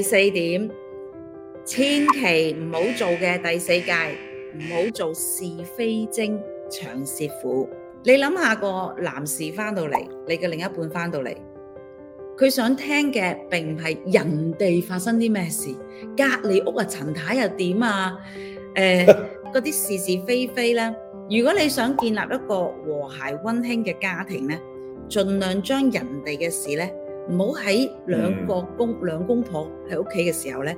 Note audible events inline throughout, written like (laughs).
第四點，千祈唔好做嘅第四戒，唔好做是非精長舌婦。你諗下個男士返到嚟，你嘅另一半返到嚟，佢想聽嘅並唔係人哋發生啲咩事，隔離屋啊陳太又點啊？誒，嗰啲是是非非咧。如果你想建立一個和諧溫馨嘅家庭咧，盡量將人哋嘅事咧。唔好喺兩個公婆喺屋企嘅時候呢，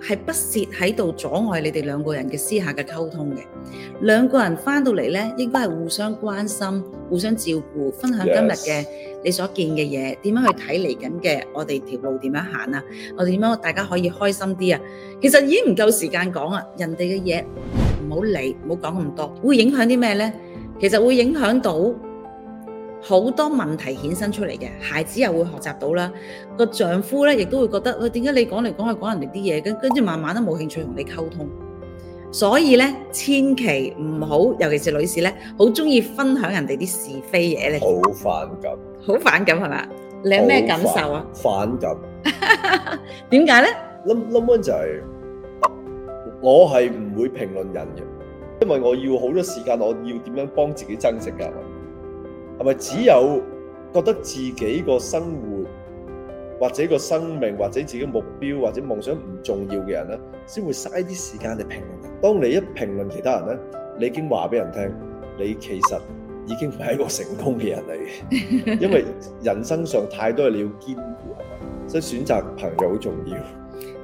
係不屑喺度阻礙你哋兩個人嘅私下嘅溝通嘅。兩個人返到嚟咧，應該係互相關心、互相照顧，分享今日嘅你所見嘅嘢，點樣去睇嚟緊嘅我哋條路點樣行啊？我哋點樣大家可以開心啲啊？其實已經唔夠時間講啊！人哋嘅嘢唔好理，唔好講咁多，會影響啲咩呢？其實會影響到。好多問題衍生出嚟嘅，孩子又會學習到啦。個丈夫咧，亦都會覺得喂，點解你講嚟講去講人哋啲嘢？咁跟住慢慢都冇興趣同你溝通。所以咧，千祈唔好，尤其是女士咧，好中意分享人哋啲是非嘢咧。好反感。好反感係嘛？你有咩感受啊？反感。點解咧？諗諗翻就係，我係唔會評論人嘅，因為我要好多時間，我要點樣幫自己增值㗎。係咪只有覺得自己個生活或者個生命或者自己目標或者夢想唔重要嘅人呢，先會嘥啲時間去評論？當你一評論其他人呢，你已經話俾人聽，你其實已經唔係一個成功嘅人嚟，因為人生上太多嘢你要兼顧，所以選擇朋友好重要。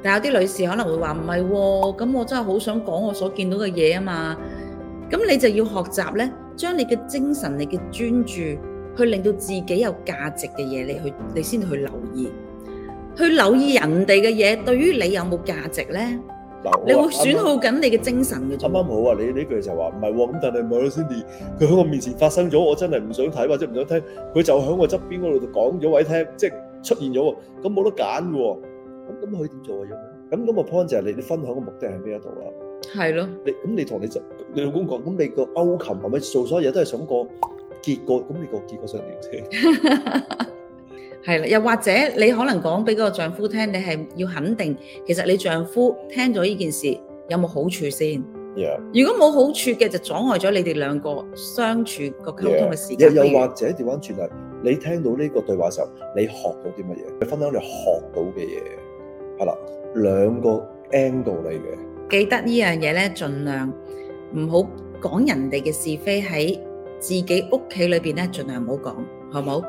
但有啲女士可能會話唔係喎，咁、哦、我真係好想講我所見到嘅嘢啊嘛，咁你就要學習呢。」將你嘅精神、你嘅專注，去令到自己有價值嘅嘢，你去你先去留意，去留意人哋嘅嘢，對於你有冇價值咧？嗱，你會損耗緊你嘅精神嘅。啱啱好啊，你呢句就話唔係喎，咁但係唔係咯，Cindy，佢喺我面前發生咗，我真係唔想睇或者唔想聽，佢就喺我側邊嗰度講咗位聽，即係出現咗喎，咁冇得揀嘅喎，咁咁佢點做啊？咁咁個 point 就係你你分享嘅目的喺邊一度啊？係咯，你咁你同你就你老公講咁，你個 outcome 係咪做所有嘢都係想個結果。咁你個結果想點啫？係啦， (laughs) 又或者你可能講俾個丈夫聽，你係要肯定其實你丈夫聽咗呢件事有冇好處先？Yeah. 如果冇好處嘅，就阻礙咗你哋兩個相處個溝通嘅時間。Yeah. 又或者調翻轉嚟，你聽到呢個對話時候，你學到啲乜嘢？你分享你學到嘅嘢係啦，兩個 angle 嚟嘅。記得呢樣嘢咧，盡量唔好講人哋嘅是非喺自己屋企裏邊咧，盡量唔好講，好冇？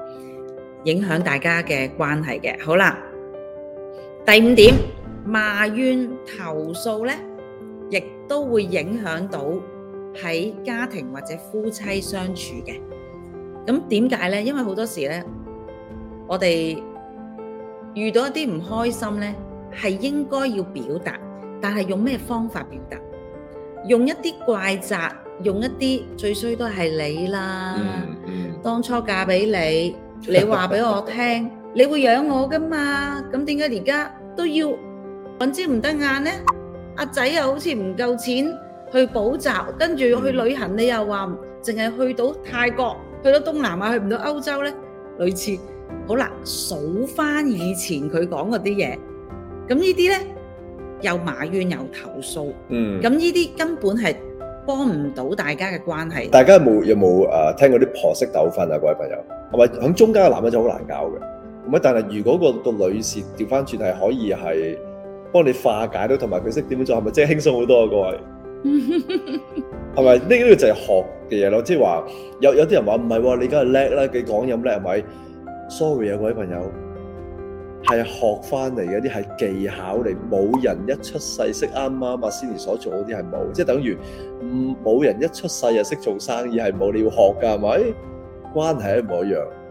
影響大家嘅關係嘅。好啦，第五點，埋怨投訴咧，亦都會影響到喺家庭或者夫妻相處嘅。咁點解咧？因為好多時咧，我哋遇到一啲唔開心咧，係應該要表達。但係用咩方法表達？用一啲怪責，用一啲最衰都係你啦。當初嫁俾你，你話俾我聽，你會養我噶嘛？咁點解而家都要揾資唔得眼呢？阿仔又好似唔夠錢去補習，跟住去旅行，你又話淨係去到泰國，去到東南亞，去唔到歐洲呢？類似，好啦，數翻以前佢講嗰啲嘢，咁呢啲呢？有埋怨又投訴，咁呢啲根本係幫唔到大家嘅關係。大家有冇有冇誒聽過啲婆媳糾紛啊？各位朋友，係咪喺中間嘅男人就好難搞嘅？咁啊，但係如果個個女士調翻轉係可以係幫你化解到，同埋佢識點樣做，係咪即係輕鬆好多啊？各位，係咪呢個就係學嘅嘢咯？即係話有有啲人話唔係喎，你梗係叻啦，佢講嘢咁叻係咪？Sorry 啊，各位朋友。係學返嚟嘅啲係技巧嚟，冇人一出世識，啱啱麥斯尼所做嗰啲係冇，即係等於冇人一出世就識做生意係冇，你要學㗎係咪？關係一模一樣。